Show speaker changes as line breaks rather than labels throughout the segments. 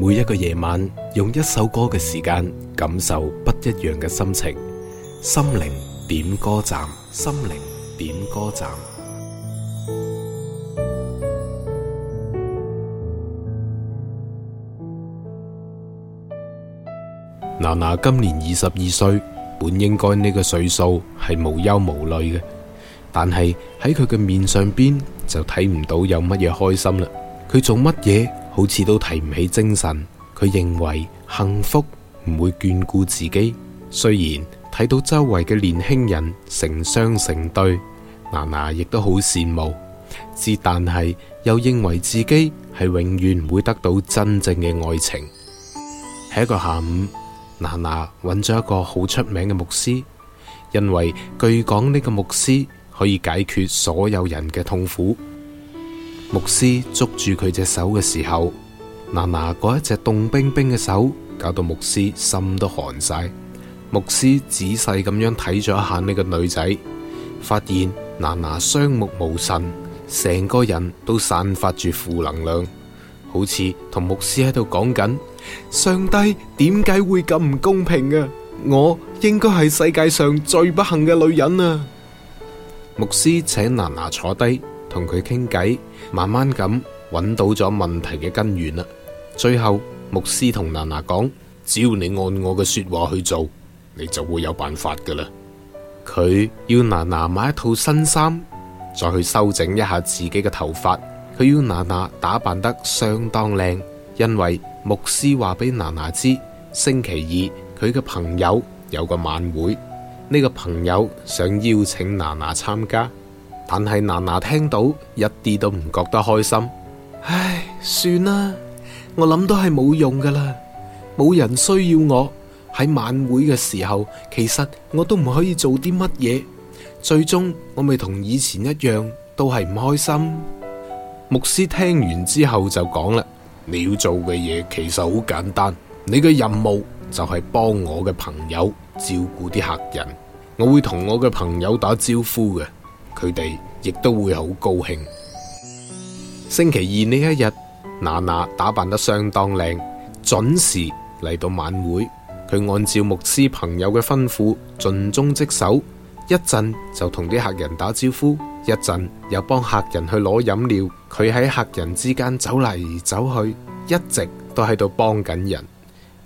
每一個夜晚，用一首歌嘅時間感受不一樣嘅心情。心靈點歌站，心靈點歌站。娜娜今年二十二歲，本應該呢個歲數係無憂無慮嘅，但係喺佢嘅面上邊，就睇唔到有乜嘢開心啦。佢做乜嘢，好似都提唔起精神，佢認為幸福唔會眷顧自己。雖然睇到周圍嘅年輕人成雙成對，娜娜亦都好羨慕，之但係又認為自己係永遠唔會得到真正嘅愛情。喺一個下午，娜娜揾咗一個好出名嘅牧師，因為據講呢個牧師可以解決所有人嘅痛苦。牧師捉住佢隻手嘅時候，娜娜嗰一隻凍冰冰嘅手，搞到牧師心都寒晒。牧師仔細咁樣睇咗一下呢個女仔，發現娜娜雙目無神，成個人都散發住負能量，好似同牧師喺度講緊：上帝點解會咁唔公平啊？我應該係世界上最不幸嘅女人啊！牧師請娜娜坐低。同佢傾偈，慢慢咁揾到咗問題嘅根源啦。最後牧師同娜娜講：只要你按我嘅說話去做，你就會有辦法噶啦。佢要娜娜買一套新衫，再去修整一下自己嘅頭髮。佢要娜娜打扮得相當靚，因為牧師話俾娜娜知，星期二佢嘅朋友有個晚會，呢個朋友想邀請娜娜參加。但係娜娜聽到一啲都唔覺得開心，唉，算啦，我諗都係冇用噶啦，冇人需要我喺晚會嘅時候，其實我都唔可以做啲乜嘢，最終我咪同以前一樣，都係唔開心。牧師聽完之後就講啦，你要做嘅嘢其實好簡單，你嘅任務就係幫我嘅朋友照顧啲客人，我會同我嘅朋友打招呼嘅，佢哋亦都會好高興。星期二呢一日，娜娜打扮得相當靚，準時嚟到晚會。佢按照牧師朋友嘅吩咐，盡忠職守。一陣就同啲客人打招呼，一陣又幫客人去攞飲料。佢喺客人之間走嚟走去，一直都喺度幫緊人，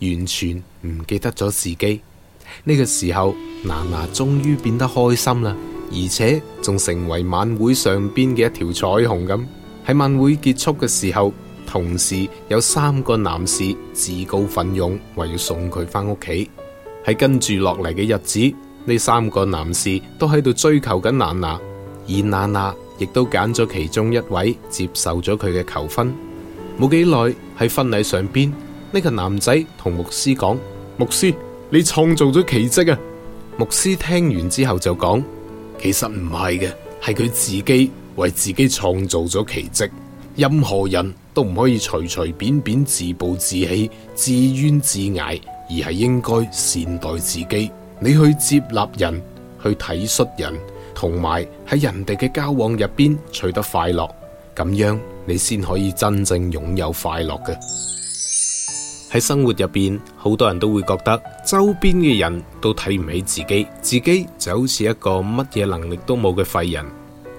完全唔記得咗自己。呢個時候，娜娜終於變得開心啦。而且仲成為晚會上邊嘅一條彩虹咁。喺晚會結束嘅時候，同時有三個男士自告奮勇，話要送佢翻屋企。喺跟住落嚟嘅日子，呢三個男士都喺度追求緊娜娜，而娜娜亦都揀咗其中一位接受咗佢嘅求婚。冇幾耐喺婚禮上邊，呢個男仔同牧師講：牧師，你創造咗奇蹟啊！牧師聽完之後就講。其實唔係嘅，係佢自己為自己創造咗奇蹟。任何人都唔可以隨隨便便自暴自棄、自怨自艾，而係應該善待自己。你去接納人，去體恤人，同埋喺人哋嘅交往入邊取得快樂，咁樣你先可以真正擁有快樂嘅。喺生活入邊，好多人都會覺得周邊嘅人都睇唔起自己，自己就好似一個乜嘢能力都冇嘅廢人。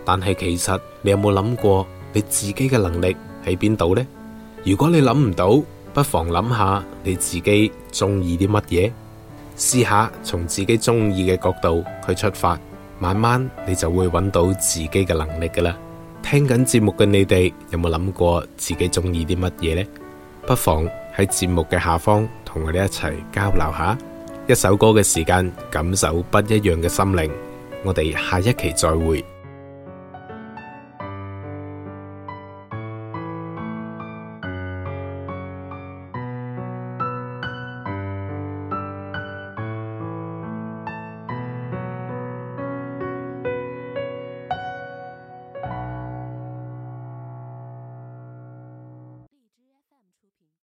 但係其實你有冇諗過你自己嘅能力喺邊度呢？如果你諗唔到，不妨諗下你自己中意啲乜嘢，試下從自己中意嘅角度去出發，慢慢你就會揾到自己嘅能力噶啦。聽緊節目嘅你哋有冇諗過自己中意啲乜嘢呢？不妨。喺節目嘅下方，同我哋一齊交流下。一首歌嘅時間，感受不一樣嘅心靈。我哋下一期再會。